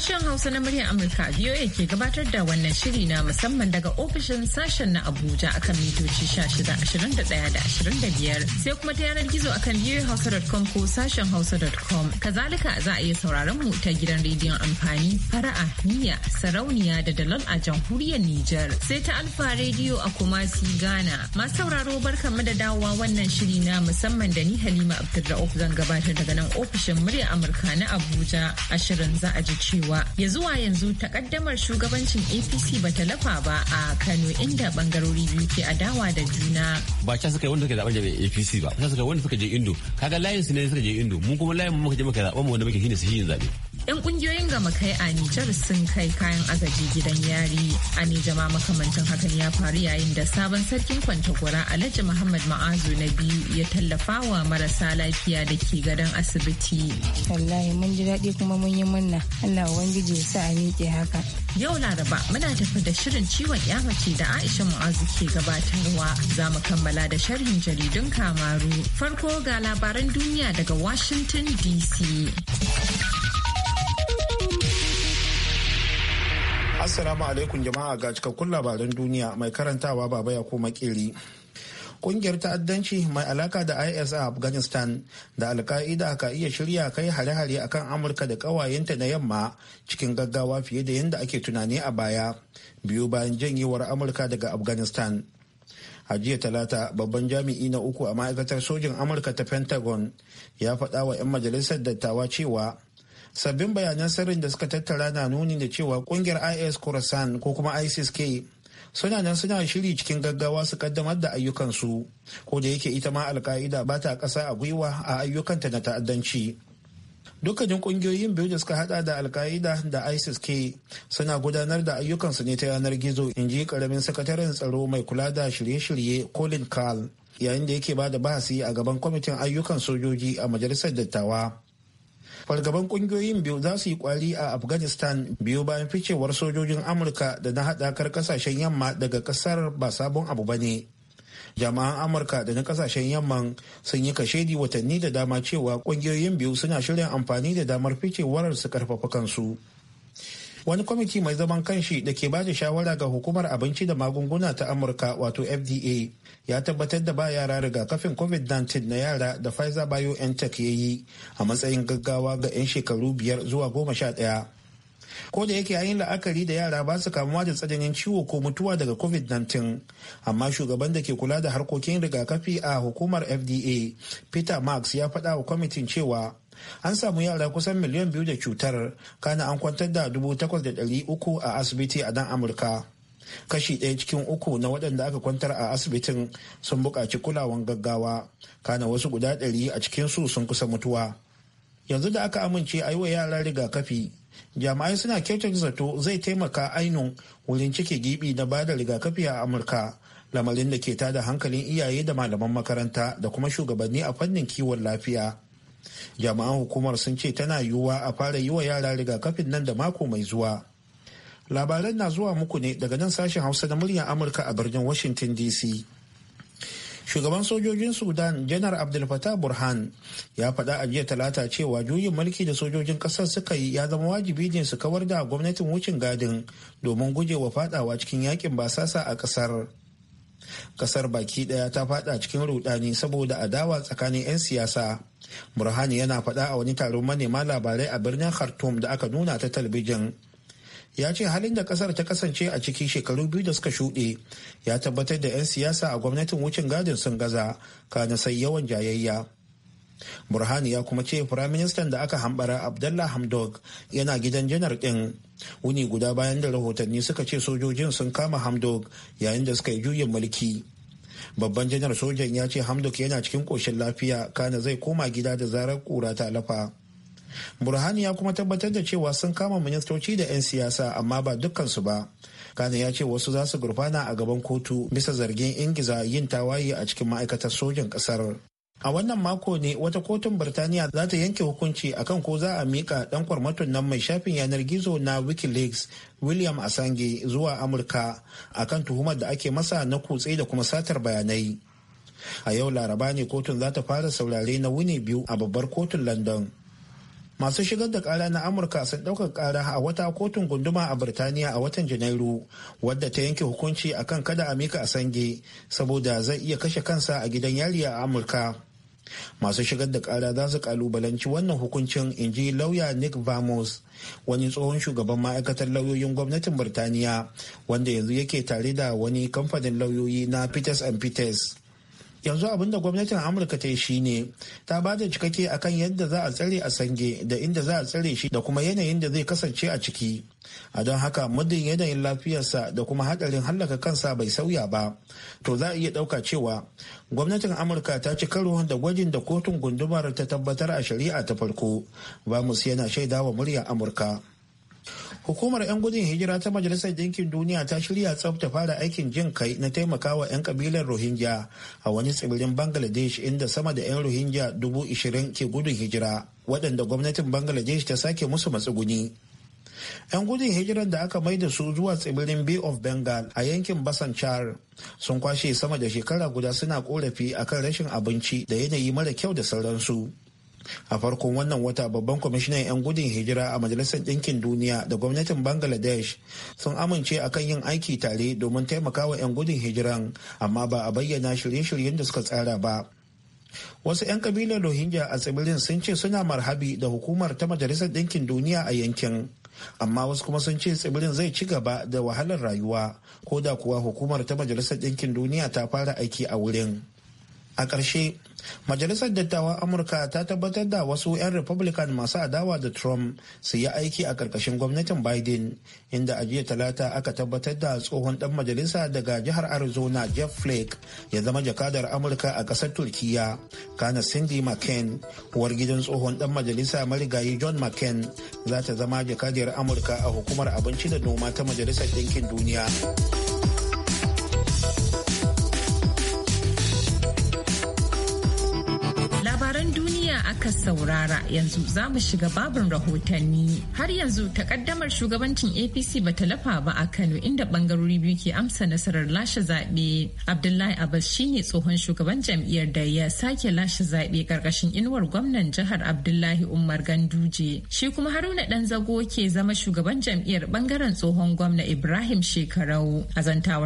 Sashen Hausa na muryar Amurka VOA ke gabatar da wannan shiri na musamman daga ofishin sashen na Abuja akan mitoci 16 da 25 sai kuma ta yanar gizo akan voahausa.com ko sashen hausa.com. Kazalika za a iya sauraron mu ta gidan rediyon amfani fara'a niyya sarauniya da dalal a jamhuriyar Nijar sai ta alfa rediyo a kumasi Ghana. Masu sauraro mu da dawowa wannan shiri na musamman da ni Halima Abdulra'uf zan gabatar daga nan ofishin muryar Amurka na Abuja ashirin shirin za a ji cewa cewa ya zuwa yanzu takaddamar shugabancin apc ba ta lafa ba a kano inda bangarori biyu ke adawa da juna ba can suka yi wanda suka zaɓa jami'in apc ba can suka yi wanda suka je indo kaga layin su ne suka je indo mun kuma layin mu muka je muka zaɓa mu wanda muke shine su shi zaɓe 'Yan kungiyoyin gama kai a Nijar sun kai kayan agaji gidan yari. A Nijama makamantan hakan ya faru yayin da sabon sarkin kwantagwara Alhaji Muhammad Ma'azu na biyu ya tallafa wa marasa lafiya da ke gadon asibiti. Wallahi mun ji daɗi kuma mun yi munna. Allah Ubangiji ya sa a miƙe haka. Yau Laraba muna tafi da shirin ciwon yamaci da Aisha Ma'azu ke gabatarwa. Za mu kammala da sharhin jaridun Kamaru. Farko ga labaran duniya daga Washington DC. Assalamu alaikum jama'a ga cikakkun labaran duniya mai karantawa baba ya koma kiri. Kungiyar ta'addanci mai alaka da IS a Afghanistan da Alka'ida ka iya shirya kai hare-hare akan Amurka da ƙawayenta na yamma cikin gaggawa fiye da yadda ake tunani a baya, biyu bayan janyewar Amurka daga Afghanistan. a jiya talata babban jami'i na uku a ma'aikatar sojin amurka ta pentagon ya faɗa wa 'yan majalisar dattawa cewa sabbin bayanan sirrin da suka tattara na nuni da cewa kungiyar is khorasan ko kuma isis k suna nan suna shiri cikin gaggawa su kaddamar da ayyukansu ko da yake ita ma alka'ida ba ta kasa a gwiwa a ayyukanta na ta'addanci dukkanin kungiyoyin biyu da suka hada da alka'ida da isis k suna gudanar da ayyukansu ne ta yanar gizo in ji karamin sakataren tsaro mai kula da shirye-shirye colin carl yayin da yake ba da bahasi a gaban kwamitin ayyukan sojoji a majalisar dattawa fargaban kungiyoyin biyu za su yi kwari a afghanistan biyu bayan ficewar sojojin amurka da na hadakar kasashen yamma daga ƙasar ba sabon abu ba ne jama'an amurka da na kasashen yamma sun yi kashedi watanni da dama cewa kungiyoyin biyu suna shirin amfani da damar ficewar su karfafa kansu wani kwamiti mai zaman kanshi da ke bada shawara ga hukumar abinci da magunguna ta amurka wato fda ya tabbatar da ba yara rigakafin covid-19 na yara da pfizer biontech ya yi a matsayin gaggawa ga 'yan shekaru biyar zuwa goma sha ɗaya ko da yake yayin la'akari da yara ba su kamuwa da tsananin ciwo ko mutuwa daga covid-19 amma shugaban da ke kula da harkokin rigakafi a hukumar fda peter marks ya faɗa wa kwamitin cewa an samu yara kusan miliyan biyu da cutar kana an kwantar da dubu takwas da ɗari uku a asibiti a nan amurka kashi ɗaya cikin uku na waɗanda aka kwantar a asibitin sun buƙaci kulawan gaggawa kana wasu guda ɗari a cikin su sun kusa mutuwa yanzu da aka amince a yi wa yara rigakafi jami'ai suna kyautar zato zai taimaka ainun wurin cike giɓi na ba bada rigakafi a amurka lamarin da ke tada hankalin iyaye da malaman makaranta da kuma shugabanni a fannin kiwon lafiya. jami'an hukumar sun ce tana yiwuwa a fara yi wa yara rigakafin nan da mako mai zuwa labaran na zuwa muku ne daga nan sashen hausa na muryar amurka a birnin washington dc shugaban sojojin sudan janar AbdulFatah burhan ya faɗa a jiya talata cewa juyin mulki da sojojin ƙasar suka yi ya zama wajibi ne su kawar da gwamnatin wucin gadin domin guje wa fadawa cikin yakin basasa a ƙasar ƙasar baki ɗaya ta fada cikin rudani saboda adawa tsakanin 'yan siyasa burhani yana faɗa a wani taron manema labarai a birnin khartoum da aka nuna ta talbijin. ya ce halin da kasar ta kasance a ciki shekaru biyu da suka shuɗe ya tabbatar da 'yan siyasa a gwamnatin wucin gadin sun gaza kana sai yawan jayayya burhani ya kuma ce firaministan da aka hambara abdallah hamdog yana gidan janar din wuni guda bayan da rahotanni suka ce sojojin sun kama hamdog yayin da suka yi juyin mulki babban janar sojan ya ce hamduk yana cikin koshin lafiya kana zai koma gida da zarar kura ta lafa burhani ya kuma tabbatar da cewa sun kama ministoci da 'yan siyasa amma ba dukkansu ba kana ya ce wasu za su gurfana a gaban kotu bisa zargin ingiza yin tawaye a cikin ma'aikatar sojan kasar a wannan mako ne wata kotun birtaniya za ta yanke hukunci akan ko za a mika ɗan kwarmaton nan mai shafin yanar gizo na wikileaks william asange zuwa amurka akan tuhumar da ake masa na kutse da kuma satar bayanai a yau laraba ne kotun za ta fara saurare na wuni biyu a babbar kotun london masu shigar da kara na amurka sun ɗaukar kara a wata kotun gunduma a birtaniya a watan janairu wadda ta yanke hukunci akan kada a mika a sange saboda zai iya kashe kansa a gidan yari a amurka masu shigar da kara za su kalubalanci wannan hukuncin in ji lauya nick vamos wani tsohon shugaban ma'aikatar lauyoyin gwamnatin birtaniya wanda yanzu yake tare da wani kamfanin lauyoyi na peters and peters yanzu da gwamnatin amurka ta yi shine ta ba da cikakke akan yadda za a tsare a sange da inda za a tsare shi da kuma yanayin da zai kasance a ciki a don haka muddin yanayin lafiyarsa da kuma hadarin hallaka kansa bai sauya ba to za a iya dauka cewa gwamnatin amurka ta ci karo da gwajin da kotun gundumar ta tabbatar a shari'a ta farko bamus yana shaidawa muryar amurka Hukumar 'yan gudun hijira ta Majalisar Dinkin Duniya ta shirya tsaf fara aikin jin kai na taimakawa 'yan kabilar Rohingya a wani tsibirin Bangladesh inda sama da 'yan Rohingya dubu ishirin ke gudun hijira waɗanda gwamnatin Bangladesh ta sake musu matsuguni. 'Yan gudun hijirar da aka maida su zuwa tsibirin Bay of Bengal a yankin char sun kwashe sama da shekara guda suna korafi akan rashin abinci da yanayi mara kyau da sauransu. a farkon wannan wata babban kwamishinan 'yan gudun hijira a majalisar ɗinkin duniya da gwamnatin bangladesh sun amince akan yin aiki tare domin taimakawa 'yan gudun hijiran amma ba a bayyana shirye-shiryen da suka tsara ba wasu 'yan kabilar rohingya a tsibirin sun ce suna marhabi da hukumar ta majalisar ɗinkin duniya a yankin amma wasu kuma sun ce tsibirin zai ci gaba da wahalar rayuwa ko da kuwa hukumar ta majalisar ɗinkin duniya ta fara aiki a wurin a ƙarshe majalisar dattawan amurka ta tabbatar da wasu 'yan republican masu adawa da trump su yi aiki a ƙarƙashin gwamnatin biden inda a jiya talata aka tabbatar da tsohon ɗan majalisa daga jihar arizona jeff flake ya zama jakadar amurka a ƙasar turkiya kana cindy mccain uwar gidan tsohon ɗan majalisa marigayi john mccain za ta zama jakadiyar amurka a hukumar abinci da noma ta majalisar ɗinkin duniya. kuka saurara yanzu za mu shiga babin rahotanni. Har yanzu takaddamar shugabancin APC ba ta lafa ba a Kano inda bangarori biyu ke amsa nasarar lashe zaɓe. Abdullahi Abbas shine tsohon shugaban jam'iyyar da ya sake lashe zaɓe karkashin inuwar gwamnan jihar Abdullahi Umar Ganduje. Shi kuma Haruna Dan Zago ke zama shugaban jam'iyyar bangaren tsohon gwamna Ibrahim Shekarau. A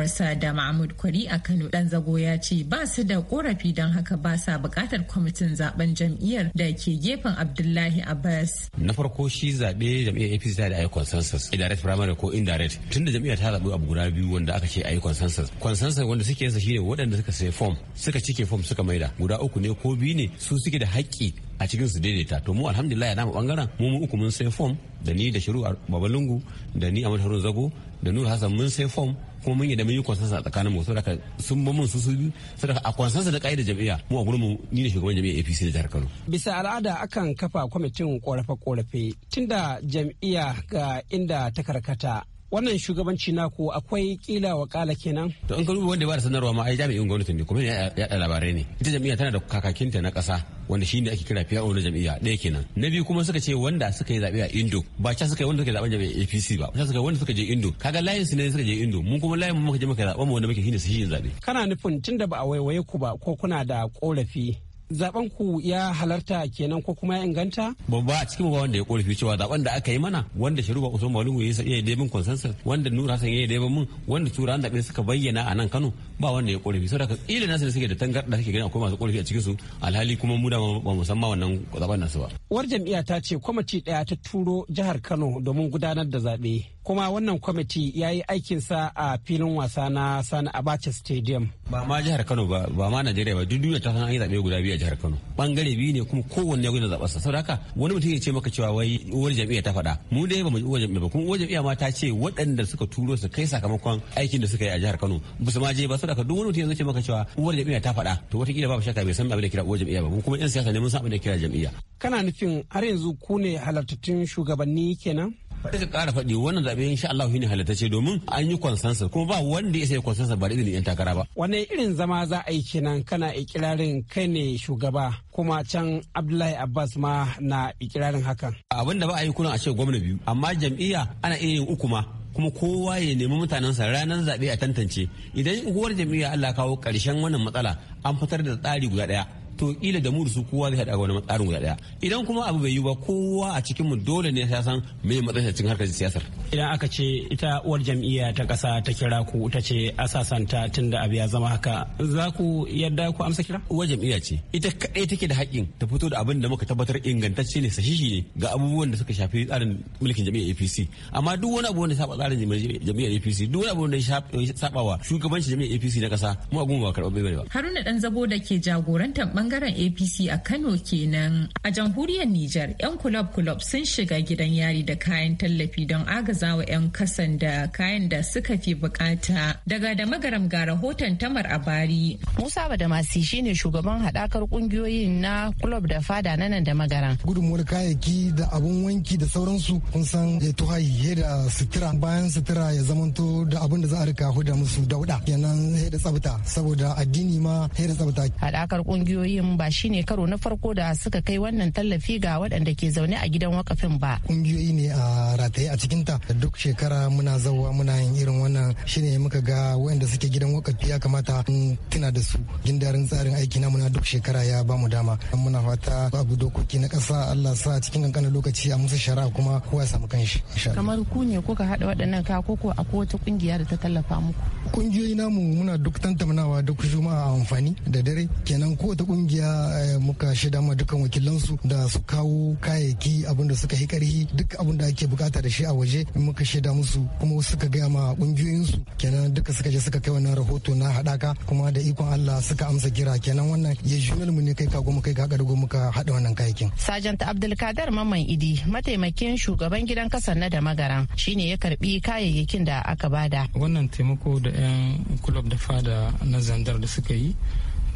sa da Mahmud Kwari a Kano Dan Zago ya ce ba su da korafi don haka ba sa bukatar kwamitin zaben jam'iyyar da da ke gefen Abdullahi Abbas. Na farko shi zaɓe jam'iyyar APC ta da ayi consensus, indirect primary ko indirect. Tunda jam'iyyar ta zaɓi abu guda biyu wanda aka ce ayi consensus. Consensus wanda suke shi shine waɗanda suka sai form, suka cike form suka maida. Guda uku ne ko biyu ne su suke da haƙƙi a cikin su daidaita. To mu alhamdulillah ya namu bangaren mu mu uku mun sai form da ni da shiru a Babalungu da ni a Zago da nura hassan mun sai fom kuma mun yi da mun yi konsensus a tsakanin mu saboda sun ba mun su su saboda a konsensus da da jam'iyya mu a gurin mu ni ne shugaban jami'a APC da jihar Kano bisa al'ada akan kafa kwamitin korafe-korafe tunda jam'iyya ga inda ta karkata wannan shugabanci ko akwai kila wakala kenan to in ka wanda ba da sanarwa ma ai jami'in gwamnati ne kuma ya da labarai ne ita jami'a tana da kakakinta na kasa wanda shine ake kira fiya na jami'a ɗaya kenan na biyu kuma suka ce wanda suka yi zabe a Indo ba ca suka yi wanda suka zaben jami'a APC ba ba suka yi wanda suka je Indo kaga layin su ne suka je Indo mun kuma layin mu muka je muka zaben mu wanda muke shine su shi zabe kana nufin tunda ba a waiwaye ku ba ko kuna da korafi zaben ku ya halarta kenan ko kuma ya inganta babba a cikin wanda ya korafi cewa zaben da aka yi mana wanda shiruba usman malumu ya yi daibin consensus wanda nur hasan ya yi daibin mun wanda turan da suka bayyana a nan kano ba wanda ya korafi saboda ka tsile nasu da suke da tangarda suke gani akwai masu korafi a cikin su alhali kuma mu da ba mu san ma wannan zaben nasu ba war jam'iyya ta ce kwamiti daya ta turo jihar kano domin gudanar da zabe kuma wannan kwamiti ya yi aikinsa a filin wasa na sani abacha stadium ba ma jihar kano ba ba ma najeriya ba duk duniya ta san an yi zaɓe guda biyu a jihar kano bangare biyu ne kuma kowanne gwamnati zaɓar sa saboda haka wani mutum ya ce maka cewa wai uwar jam'iyya ta faɗa mu dai ba mu uwar jam'iyya ba kuma uwar jam'iyya ma ta ce waɗanda suka turo su kai sakamakon aikin da suka yi a jihar kano ba su ma je ba saboda haka duk wani mutum ya ce maka cewa uwar jam'iyya ta faɗa to wataƙila ba shakka bai san abin da kira uwar jam'iyya ba kuma 'yan siyasa ne mun san abin da kira jam'iyya kana nufin har yanzu ku ne halartattun shugabanni kenan Sai ka ƙara faɗi wannan zaɓe insha Allah shi ne halittace domin an yi consensus kuma ba wanda ya sai consensus ba da izinin 'yan takara ba. Wane irin zama za a yi kenan kana ikirarin kai ne shugaba kuma can Abdullahi Abbas ma na ikirarin hakan. Abin da ba a yi kuna a ce gwamna biyu amma jam'iyya ana iya yin uku ma kuma kowa ya nemi mutanensa ranar zaɓe a tantance idan uwar jam'iyya Allah kawo ƙarshen wannan matsala an fitar da tsari guda ɗaya to ila da mu su kowa zai haɗa wani tsarin guda ɗaya idan kuma abu bai yi ba kowa a cikin mu dole ne ya san me matsayin cikin harkar siyasar idan aka ce ita uwar jam'iyya ta ƙasa ta kira ku ta ce asasanta tun da abu ya zama haka za ku yarda ku amsa kira uwar jam'iyya ce ita kaɗai take da haƙƙin ta fito da abin da muka tabbatar ingantacce ne sahihi ne ga abubuwan da suka shafi tsarin mulkin jam'iyyar APC amma duk wani abu wanda saba tsarin jam'iyyar APC duk wani abu wanda ya saba wa shugabancin jam'iyyar APC na ƙasa mu abu ba karɓar bai ba Haruna dan zabo da ke jagorantar bangaren apc a kano kenan a jamhuriyar nijar 'yan kulob-kulob sun shiga gidan yari da kayan tallafi don agaza wa 'yan kasan da kayan da suka fi bukata daga da magaram ga rahoton tamar a bari musa badamasi shine shugaban hadakar kungiyoyin na kulob da fada na nan da magaran gudunmuwar kayayyaki da abun wanki da sauransu kun san ya tuhayi da sutura bayan sutura ya zamanto da abun da za a rika da musu dauda kenan da tsabta saboda addini ma da tsabta hadakar kungiyoyi ƙauyen ba shine karo na farko da suka kai wannan tallafi ga waɗanda ke zaune a gidan wakafin ba. Ƙungiyoyi ne a rataye a cikinta duk shekara muna zauwa muna yin irin wannan shine muka ga waɗanda suke gidan wakafi ya kamata in tuna da su gindarin tsarin aiki na muna duk shekara ya ba mu dama muna fata abu dokoki na ƙasa Allah sa cikin kankanin lokaci a musu shara kuma kowa ya samu kanshi. Kamar ku ne kuka haɗa waɗannan ka ko akwai wata ƙungiya da ta tallafa muku. Ƙungiyoyi namu muna duk tantamnawa duk juma'a amfani da dare kenan wata ƙungiya kungiya eh, muka shaida ma dukkan wakilansu da su kawo kayayyaki abin da suka yi karhi duk abin da ake bukata da shi a waje muka shaida musu kuma suka gaya ma kungiyoyinsu kenan duka suka je suka kai wannan rahoto na hadaka kuma da ikon Allah suka amsa kira kenan wannan ya jumel mu ne kai ka goma kai ka muka hada wannan kayakin. Sajant Abdulkadir Mamman Idi mataimakin shugaban gidan kasa na da magaran shine ya karbi kayayyakin da aka bada. Wannan taimako da 'yan kulob da fada na zandar da suka yi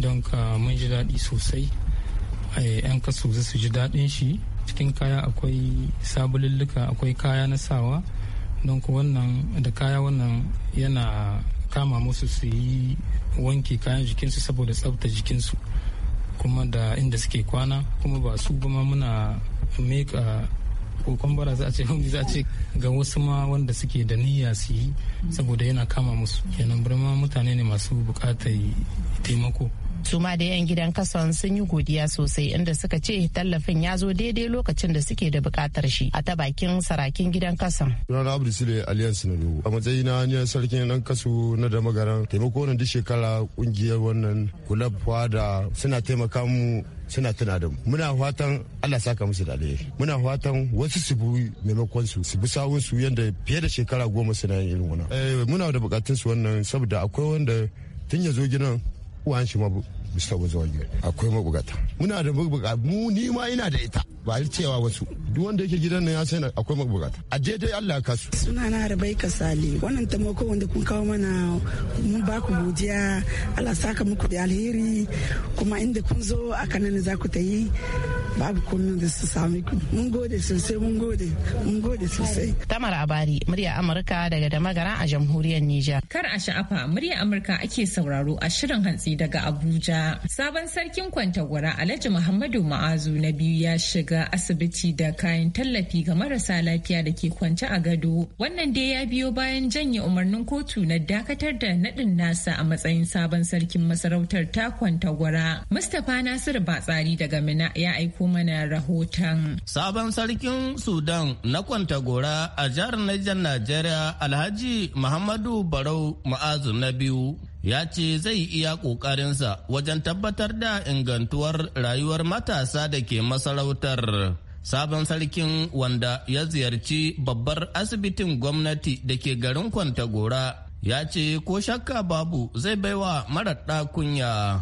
don ka mun ji daɗi sosai yan eh, kasu za su ji daɗin shi cikin kaya akwai sabululluka akwai kaya na sawa don wannan da kaya wannan yana kama musu su yi wanke kayan jikinsu saboda tsabta jikinsu kuma da inda suke kwana kuma ba su kuma muna meka kokon bara za a ce za a ce ga wasu ma wanda suke da niyya su yi saboda yana kama musu kenan birma mutane ne masu bukatar taimako Suma da 'yan gidan kasan sun yi godiya sosai inda suka ce tallafin ya zo daidai lokacin da suke da bukatar shi a ta bakin sarakin gidan na Sunana Abdu Sule Alliance na Dogo. A matsayina ni sarkin dan kasu na da magaran taimako na duk shekara kungiyar wannan kulab da suna taimaka mu suna tuna da mu muna fatan Allah saka musu da alheri muna fatan wasu su bi maimakon su su bi sawun su yanda fiye da shekara goma suna yin irin wannan eh, muna da bukatun su wannan saboda akwai wanda tun ya zo uwan shi ma bisa wajen akwai mabugata muna da mabugata mu ni ma ina da ita ba cewa wasu duk wanda yake gidan nan ya san akwai mabugata a daidai Allah ya kasu suna na ka Sale wannan tamako wanda kun kawo mana mun ba ku godiya Allah saka muku da alheri kuma inda kun zo aka nan za ku ta yi babu kullum da su sami mun gode sosai mun gode mun gode sosai tamar abari murya amurka daga damagara a jamhuriyar Nija. kar a sha'afa murya amurka ake sauraro a shirin hantsi daga abuja sabon sarkin kwantagwara alhaji muhammadu ma'azu na biyu ya shiga asibiti da kayan tallafi ga marasa lafiya da ke kwance a gado wannan dai ya biyo bayan janye umarnin kotu na dakatar da naɗin nasa a matsayin sabon sarkin masarautar ta kwantagwara mustapha nasiru batsari daga mina ya aiko mana rahoton. Sabon sarkin Sudan na Kwantagora a jihar Nijar Najeriya Alhaji Muhammadu Barau Ma'azu na biyu ya ce zai iya ƙoƙarinsa wajen tabbatar da ingantuwar rayuwar matasa da ke masarautar. Sabon sarkin wanda ya ziyarci babbar asibitin gwamnati da ke garin Kwantagora ya ce ko shakka babu zai baiwa marar kunya.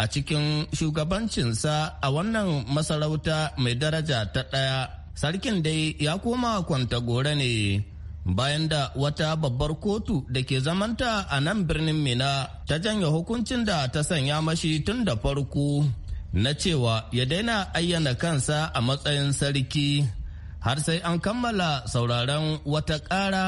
a cikin shugabancinsa a wannan masarauta mai daraja ta ɗaya sarkin dai ya koma kwantagore ne bayan da wata babbar kotu da ke zamanta a nan birnin mina ta janye hukuncin da ta sanya mashi tun da farko na cewa ya daina ayyana kansa a matsayin sarki har sai an kammala sauraron wata ƙara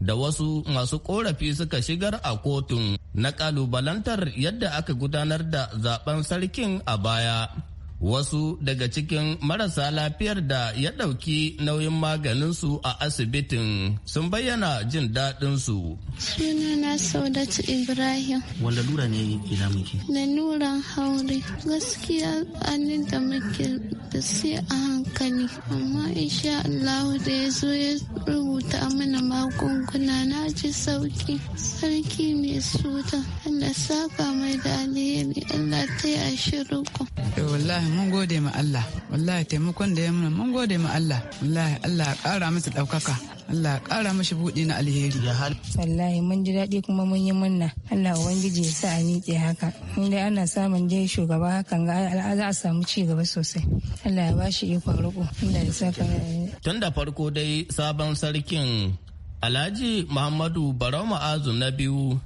da wasu masu korafi suka shigar a kotun na kalubalantar yadda aka gudanar da zaben sarkin a baya wasu daga cikin marasa lafiyar da ya ɗauki nauyin maganinsu a asibitin sun bayyana jin daɗin suna sunana saudatu ibrahim wanda lura ne ina muke laluran haure gaskiya anin da muke da sai a hankali amma insha Allah da ya zo ya rubuta mana magunguna na ji sauki sarki mai suta Allah saka mai da alheri Allah ta yi a shiruku. mun gode ma Allah wallahi taimakon da ya muna mun gode ma Allah wallahi Allah ya kara masa daukaka Allah ya kara mashi buɗe na alheri. Wallahi mun ji daɗi kuma mun yi munna. Allah Ubangiji ya sa a miƙe haka. In dai ana samun dai shugaba hakan ga al'ada a samu ci gaba sosai. Allah ya ba shi ikon saka. Tun da farko dai sabon sarkin Alhaji Muhammadu Barau Ma'azu na biyu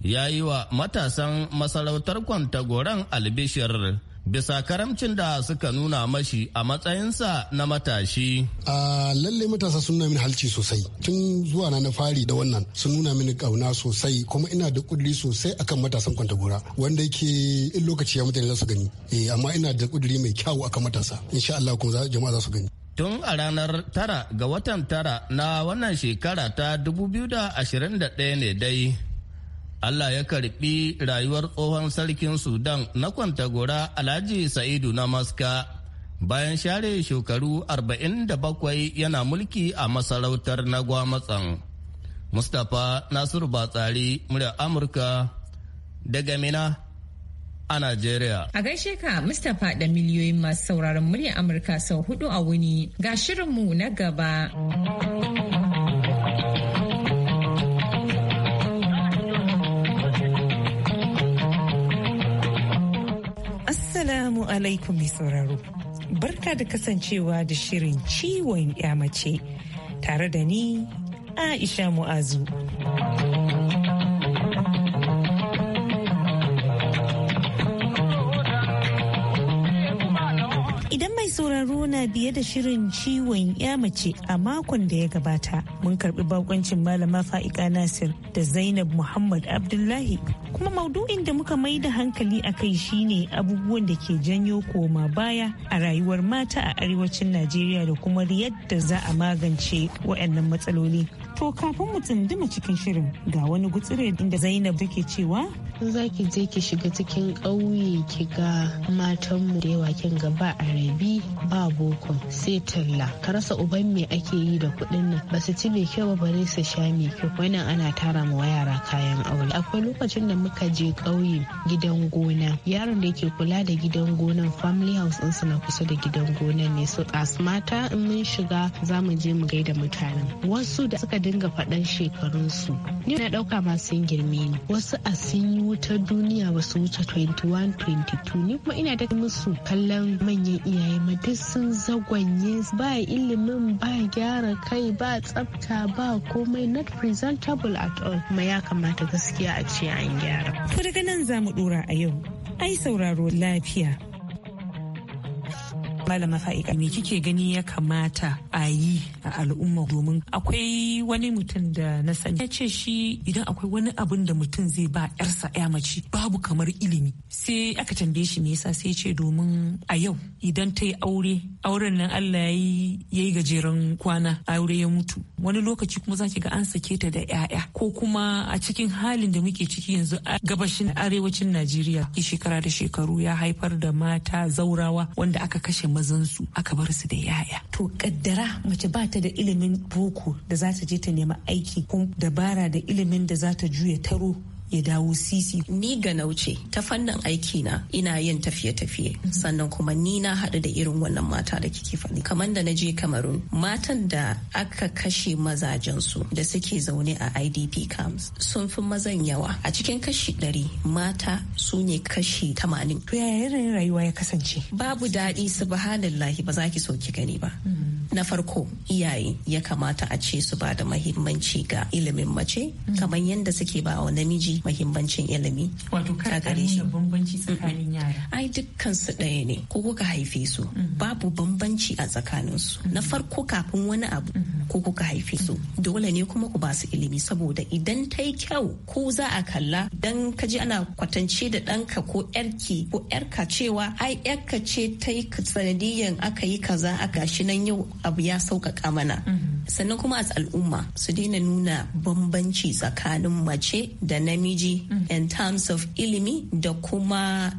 ya yi wa matasan masarautar Kwantagoran albishir. bisa karamcin da suka nuna mashi a matsayinsa na matashi. A lalle matasa sun nuna mini halci sosai tun zuwa na na fari da wannan sun nuna mini kauna sosai kuma ina da kuduri sosai akan matasan kwanta gora wanda yake in lokaci ya mutane za su gani eh, amma ina da kuduri mai kyawu akan matasa insha Allah kuma jama'a za su gani. Tun a ranar tara ga watan tara na wannan shekara ta 2021 ne dai Allah ya karbi rayuwar tsohon sarkin Sudan na Kwantagora Alhaji Sa'idu na Maska bayan share shekaru 47 yana mulki a masarautar na Gwamatsan. Mustapha Nasiru Batsari murya Amurka daga Mina a Najeriya. A gaishe ka Mustapha da miliyoyin masu sauraron murya Amurka sau hudu a wuni ga shirinmu na gaba. Assalamu alaikum mai sauraro. Barka da kasancewa da shirin ciwon ya mace tare da ni Aisha Mu'azu. sauraro na biye da shirin ciwon ya mace a makon da ya gabata. Mun karbi bakoncin malama fa'ika Nasir da Zainab Muhammad Abdullahi. Kuma maudu'in da muka mai da hankali a kai shine abubuwan da ke janyo koma baya a rayuwar mata a arewacin Najeriya da kuma yadda za a magance waɗannan matsaloli. To kafin mu tsunduma cikin shirin ga wani gutsire inda Zainab take cewa za ki je ki shiga cikin ƙauye ki ga matan mu da yawa kin ga ba arabi ba boko sai talla ka rasa uban me ake yi da kuɗin nan ba su ci mai kyau ba bare su sha mai kyau wannan ana tara ma yara kayan aure akwai lokacin da muka je ƙauye gidan gona yaron da yake kula da gidan gonan family house din su na kusa da gidan gonan ne su mata in mun shiga za mu je mu gaida mutanen wasu da suka dinga faɗan shekarunsu ni na ɗauka masu girme ne wasu a sun yi wutar duniya ba su wuce 21 22 ni kuma ina da musu kallon manyan iyaye ma duk sun zagwanye ba ilimin ba gyara kai ba tsafta ba komai not presentable at all kuma ya kamata gaskiya a ce an gyara. daga nan za mu ɗora a yau ai sauraro lafiya malama fa'ika me kike gani ya kamata a yi a al'umma domin akwai wani mutum da na sani ya ce shi idan akwai wani abin da mutum zai ba yarsa ya mace babu kamar ilimi sai aka tambaye shi me yasa sai ya ce domin a yau idan ta yi aure auren nan Allah ya yi gajeren kwana aure ya mutu wani lokaci kuma zaki ga an sake ta da 'ya'ya ko kuma a cikin halin da muke ciki yanzu a gabashin arewacin Najeriya shekara da shekaru ya haifar da mata zaurawa wanda aka kashe maza su aka bar su da yaya to kaddara mace ba ta da ilimin boko da za ta je ta nemi aiki ko dabara da ilimin da za ta juya taro ya dawo sisi ni ga nauce ta fannin aiki na ina yin tafiye-tafiye mhm. sannan kuma ni na haɗu da irin wannan mata da kike faɗi kamar da na je kamarun matan da aka kashe mazajensu da suke zaune a idp camps sun fi mazan yawa a cikin kashi ɗari mata su ne kashi tamanin to yaya yanayin rayuwa ya kasance babu daɗi subhanallahi ba za ki so ki gani ba mhm. na farko iyaye ya kamata a ce su ba da mahimmanci ga ilimin mace mhm. kamar yadda suke ba wa namiji mahimmancin ilimi wato ka gare shi bambanci tsakanin yara ai dukkan su ɗaya ne ko kuka haife su mm-hmm. babu bambanci a tsakanin su na mm-hmm. farko kafin wani abu mm-hmm. ko kuka haife su dole ne kuma ku ba su ilimi saboda idan ta yi kyau ko za a kalla dan ka ji ana kwatance da ɗanka ko ƴarki ko yarka cewa ai ƴarka ce ta yi sanadiyan aka yi kaza a gashi nan yau abu ya sauƙaƙa mana sannan kuma as al'umma su daina nuna bambanci tsakanin mace da namiji mm. in terms of ilimi da kuma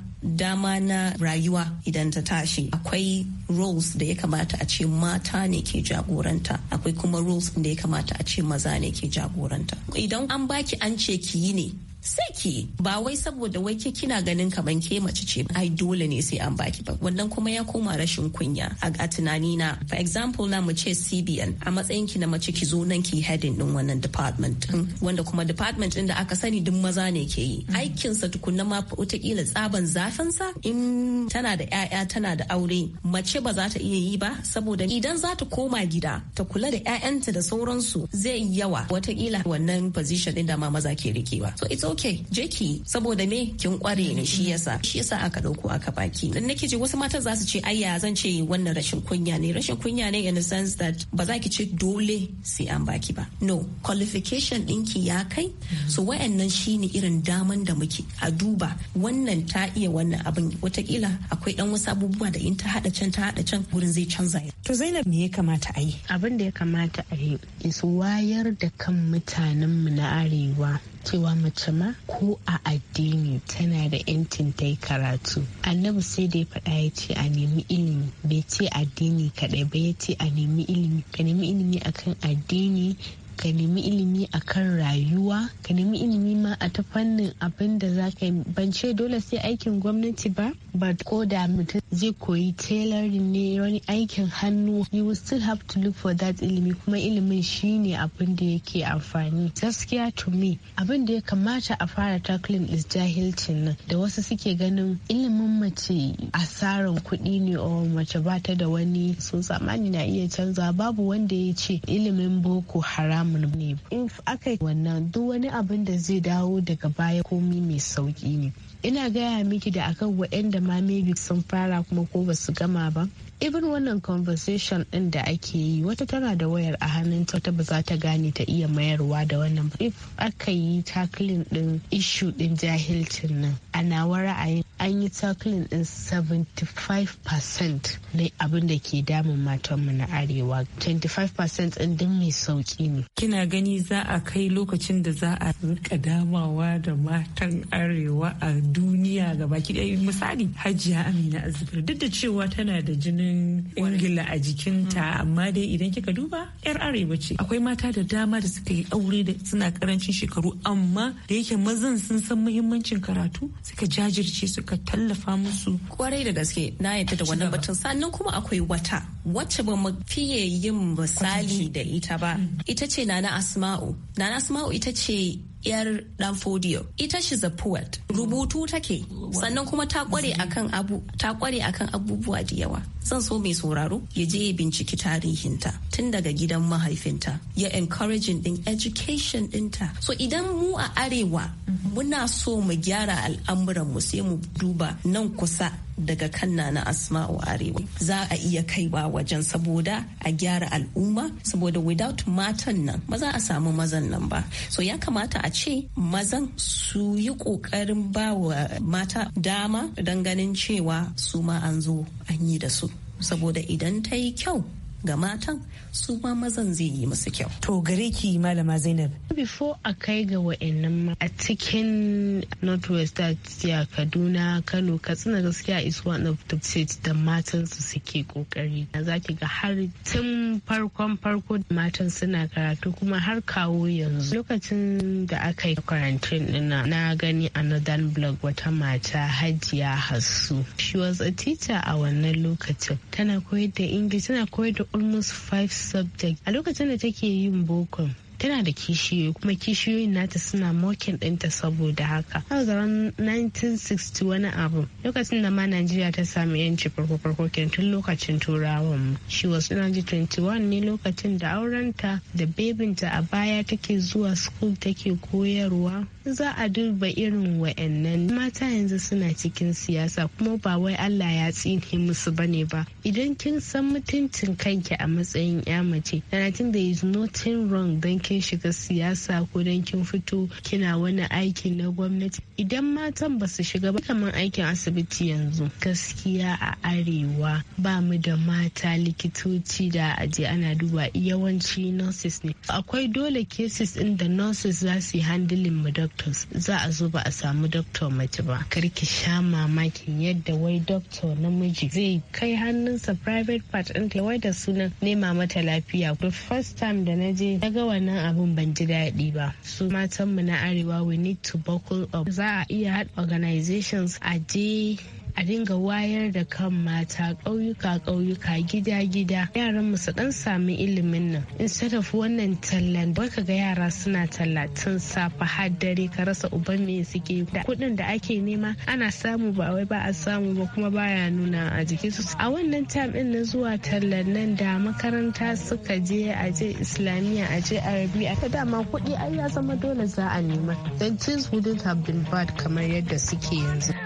dama na rayuwa idan ta tashi akwai roles da ya kamata a ce mata ne ke jagoranta akwai kuma roles da ya kamata a ce maza ne ke jagoranta idan an baki an ce ki yi ne sai ki ba wai saboda wai ke kina ganin kaman ke mace ce ai dole ne sai an baki ba wannan kuma ya koma rashin kunya a tunani na for example na mu ce CBN a matsayin ki na mace ki zo nan ki heading din wannan department wanda kuma department din da aka sani duk maza ne ke yi aikin sa tukunna ma wataƙila tsaban zafin sa in tana da 'ya'ya tana da aure mace ba za ta iya yi ba saboda idan za ta koma gida ta kula da ƴaƴanta da sauransu zai yawa wataƙila wannan position din da ma maza ke rikewa so it's ok jeki saboda me kin kware ne shi yasa shi yasa aka dauko aka baki dan nake ji wasu matan zasu su ce ayya zan ce wannan rashin kunya ne rashin kunya ne in the sense that ba za ki ce dole sai an baki ba no qualification dinki ya kai so wayannan shine irin daman da muke a duba wannan ta iya wannan abin watakila akwai dan wasu abubuwa da in ta hada can ta hada can wurin zai canza to zainab me ya kamata a yi abin da ya kamata a yi su wayar da kan mutanen mu na arewa cewa mace ma ko a addini tana da 'yancin ta yi karatu annabi sai da ya faɗa ya ce a nemi ilimi bai ce addini kaɗai ba ya ce a nemi ilimi ka nemi ilimi akan addini ka nemi ilimi kan rayuwa ka nemi ilimi ma a ta fannin abin da za ka yi bance dole sai aikin gwamnati ba ba ko da mutum zai koyi tailoring ne wani aikin hannu you will still have to look for that ilimi kuma ilimin shine abin da yake amfani gaskiya to me abin da ya kamata a fara tackling is jahilci nan da wasu suke ganin ilimin mace asaran kuɗi ne o mace ba ta da wani sun tsammani na iya canza babu wanda ya ce ilimin boko haram samun ne in aka yi wannan duk wani abin da zai dawo daga baya komi mai sauki ne ina gaya miki da akan waɗanda ma maybe sun fara kuma ko ba su gama ba even wannan conversation din da ake yi wata tana da wayar a hannunta wata ba za ta gane ta iya mayarwa da wannan if aka yi tackling din issue din jahilcin nan a nawa ra'ayin an yi tackling din 75% na abin da ke damun matanmu na arewa 25% din din mai sauki ne kina gani za a kai lokacin da za a rika damawa da matan arewa a duniya gaba ki misali hajiya amina azubir duk da cewa tana da jinin ingila a jikinta hmm. amma dai idan kika duba yar arewa ce akwai mata da dama da suka yi aure da suna karancin shekaru amma da yake mazan sun san muhimmancin karatu suka jajirce suka tallafa musu kwarai da gaske na yadda da wannan batun sannan kuma akwai wata wacce ba mu fiye yin misali da ita ba hmm. ita ce nana asma'u nana asma'u ita ce yar dan fodiyo ita shi the poet rubutu take sannan kuma ta kware akan abu ta kware akan abubuwa da yawa zan so mai sauraro ya je ya binciki tarihinta tun daga gidan mahaifinta ya encouraging din education dinta so idan mu a arewa muna so mu gyara al'amuran mu sai mu duba nan kusa daga kanna na asma'u arewa za a iya kaiwa wajen saboda a gyara al'umma saboda without matan nan ba za a samu mazan nan ba so ya kamata a ce mazan su yi kokarin ba wa mata dama don ganin cewa su ma an zo an yi da su saboda idan ta yi kyau ga matan su ma mazan zai yi masu kyau. To gare ki malama Zainab. Before a kai ga wa'annan a cikin Northwest Asia Kaduna Kano Katsina gaskiya is one of the states da matan su suke kokari. Za ki ga har tun farkon farko matan suna karatu kuma har kawo yanzu. Lokacin da aka yi quarantine ina. na gani a Northern Block wata mata Hajiya Hassu. She was a teacher a wannan lokacin. Tana koyar da English, tana koyar da almost five subjects a lokacin da take yin boko tana da kishiyoyi kuma kishiyoyin nata suna mokin ɗinta saboda haka a 1960 wani abu lokacin da ma najeriya ta sami yanci farko farko tun lokacin turawan mu she was 21 ne lokacin da aurenta da bebinta a baya take zuwa school take koyarwa za a duba irin wa'annan mata yanzu suna cikin siyasa kuma ba wai allah ya tsine musu ba ne ba idan kin san mutuncin kanki a matsayin ya mace and there is nothing wrong don kin kin shiga siyasa ko dan kin fito kina wani aiki na gwamnati idan matan ba su shiga ba kamar aikin asibiti yanzu gaskiya a arewa ba mu da mata likitoci da aje ana duba yawanci nurses ne akwai dole cases in da nurses za su yi handling mu doctors za a zo ba a samu doctor mace ba kar ki sha mamakin yadda wai doctor namiji zai kai hannunsa private part ɗinta wai da sunan nema mata lafiya the first time da na je na ga wannan abun ban ji daɗi ba su matan mu na arewa we need to buckle up za a iya hada organizations a je a dinga wayar da kan mata ƙauyuka ƙauyuka gida gida yaran mu su dan sami ilimin nan in sarrafa wannan tallan baka ga yara suna talatin safa har dare ka rasa uban me suke da kuɗin da ake nema ana samu ba wai ba a samu ba kuma baya nuna a jikin su a wannan tam din na zuwa tallan nan da makaranta suka je a je islamiyya a je arabiya ta dama kuɗi ai ya zama dole za a nema then things wouldn't have been bad kamar yadda suke yanzu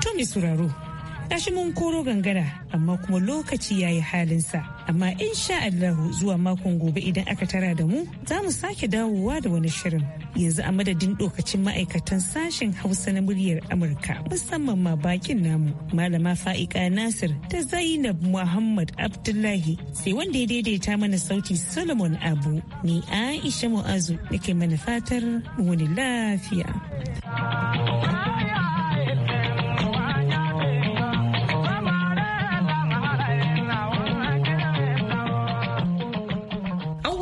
To mai sauraro, tashi mun koro gangara amma kuma lokaci ya yi halinsa. Amma in sha Allahu zuwa makon gobe idan aka tara da mu za mu sake dawowa da wani shirin. Yanzu a madadin dokacin ma'aikatan sashen Hausa na muryar Amurka musamman ma bakin namu. Malama Fa'ika Nasir ta Zainab Muhammad Abdullahi sai wanda ya daidaita mana sauti Solomon Abu ni Aisha Mu'azu nake mana fatar wani lafiya.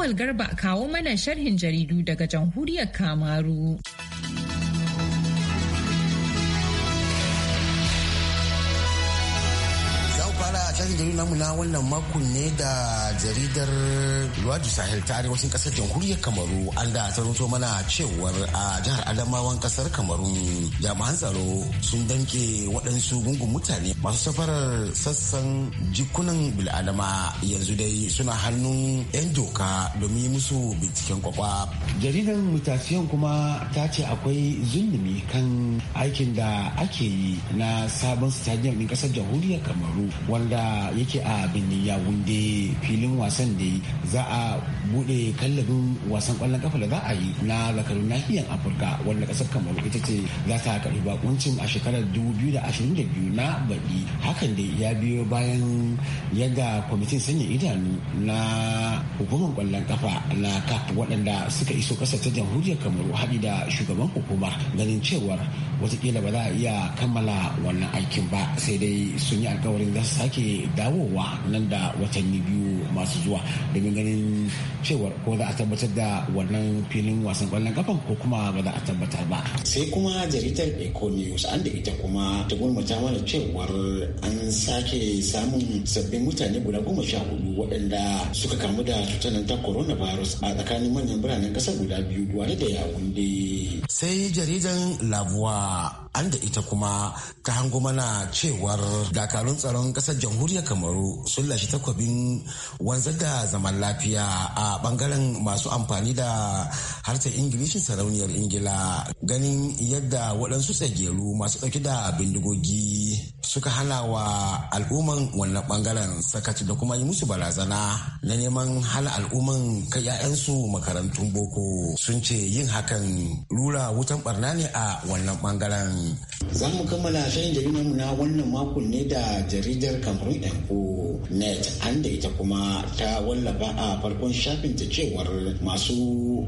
Awal Garba kawo mana sharhin jaridu daga jamhuriyar Kamaru. sharhin jaridar namu na wannan makon ne da jaridar Luwadu Sahel ta arewacin kasar jamhuriyar Kamaru an da ta rubuto mana cewar a jihar Adamawan kasar Kamaru jami'an tsaro sun danke waɗansu gungun mutane masu safarar sassan jikunan bil'adama yanzu dai suna hannun 'yan doka domin musu binciken kwakwa. Jaridar mutasiyan kuma ta ce akwai zulumi kan aikin da ake yi na sabon stadium ɗin kasar jamhuriyar Kamaru wanda yake a birnin wunde filin wasan da za a bude kallabin wasan kwallon kafa da za a yi na zakarun nahiyar afirka wanda kasar kamaru ita ce za ta karbi bakuncin a shekarar 2022 na baɗi hakan da ya biyo bayan yadda kwamitin sanya idanu na hukumar kwallon kafa na kaf waɗanda suka iso ƙasar ta jamhuriyar kamaru haɗi da shugaban hukuma ganin cewar watakila ba za a iya kammala wannan aikin ba sai dai sun yi alkawarin za su sake dawowa nan da watanni biyu masu zuwa domin ganin cewar ko za a tabbatar da wannan filin wasan kwallon kafan ko kuma ba za a tabbatar ba. sai kuma jaridar eco news an da ita kuma ta gulmata mana cewar an sake samun sabbin mutane guda goma sha hudu waɗanda suka kamu da cutar ta coronavirus a tsakanin manyan biranen ƙasar guda biyu duwane da dai sai jaridan labuwa an da ita kuma ta hango mana cewar dakarun tsaron kasar jamhuriyar kamaru sun lashe takwabin wanzar da zaman lafiya a bangaren masu amfani da harshen ingilishin sarauniyar ingila ganin yadda waɗansu tsageru masu ɗauke da bindigogi suka hana wa al'umman wannan bangaren sakaci da kuma yi musu barazana na neman hala al'umman kai 'ya'yansu makarantun boko sun ce yin hakan rura wutan barna ne a wannan bangaren. Za mu kammala shayin jaridar na wannan makon ne da jaridar kamfanin ɗanko net an da ita kuma ta wallafa a farkon shafin ta cewar masu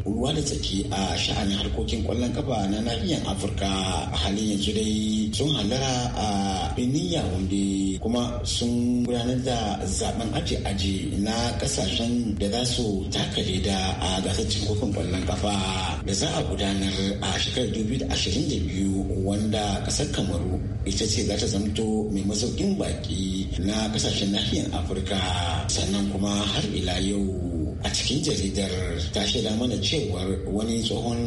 ruwa da tsaki a sha'anin harkokin kwallon kafa na nahiyar Afirka a halin yanzu dai sun halara a Benin niyya wanda kuma sun gudanar da zaben aji-aji na kasashen da za su taka leda a gasar cin kofin kwallon kafa da za a gudanar a shekarar 2022 wanda kasar kamaru ita ce za ta zamto mai masaukin baki na kasashen nahiyar afirka sannan kuma har ila yau a cikin jaridar ta shaida mana cewar wani tsohon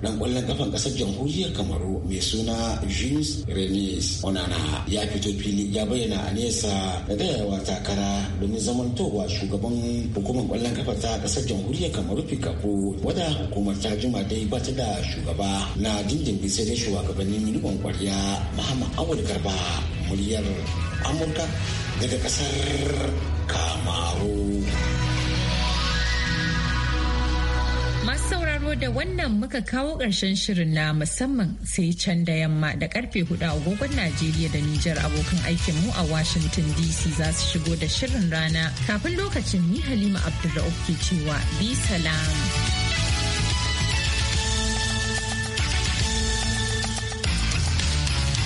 dan kwallon kafan kasar jamhuriyar kamaru mai suna jules renis onana ya fito fili ya bayyana a nesa da dayawa takara domin zamantowa shugaban hukumar kwallon kafa ta kasar jamhuriyar kamaru fikafu wadda hukumar ta jima dai ba ta da shugaba na dindindin sai dai shugabannin rikon kwarya muhammad awul garba muryar amurka daga kasar kamaru. sauraro da wannan muka kawo ƙarshen shirin na musamman sai can da yamma da karfe hudu a agogon Najeriya da Nijar abokan aikinmu a Washington DC za su shigo da shirin rana kafin lokacin ni Halima Abdulra'uf ke cewa bi salam.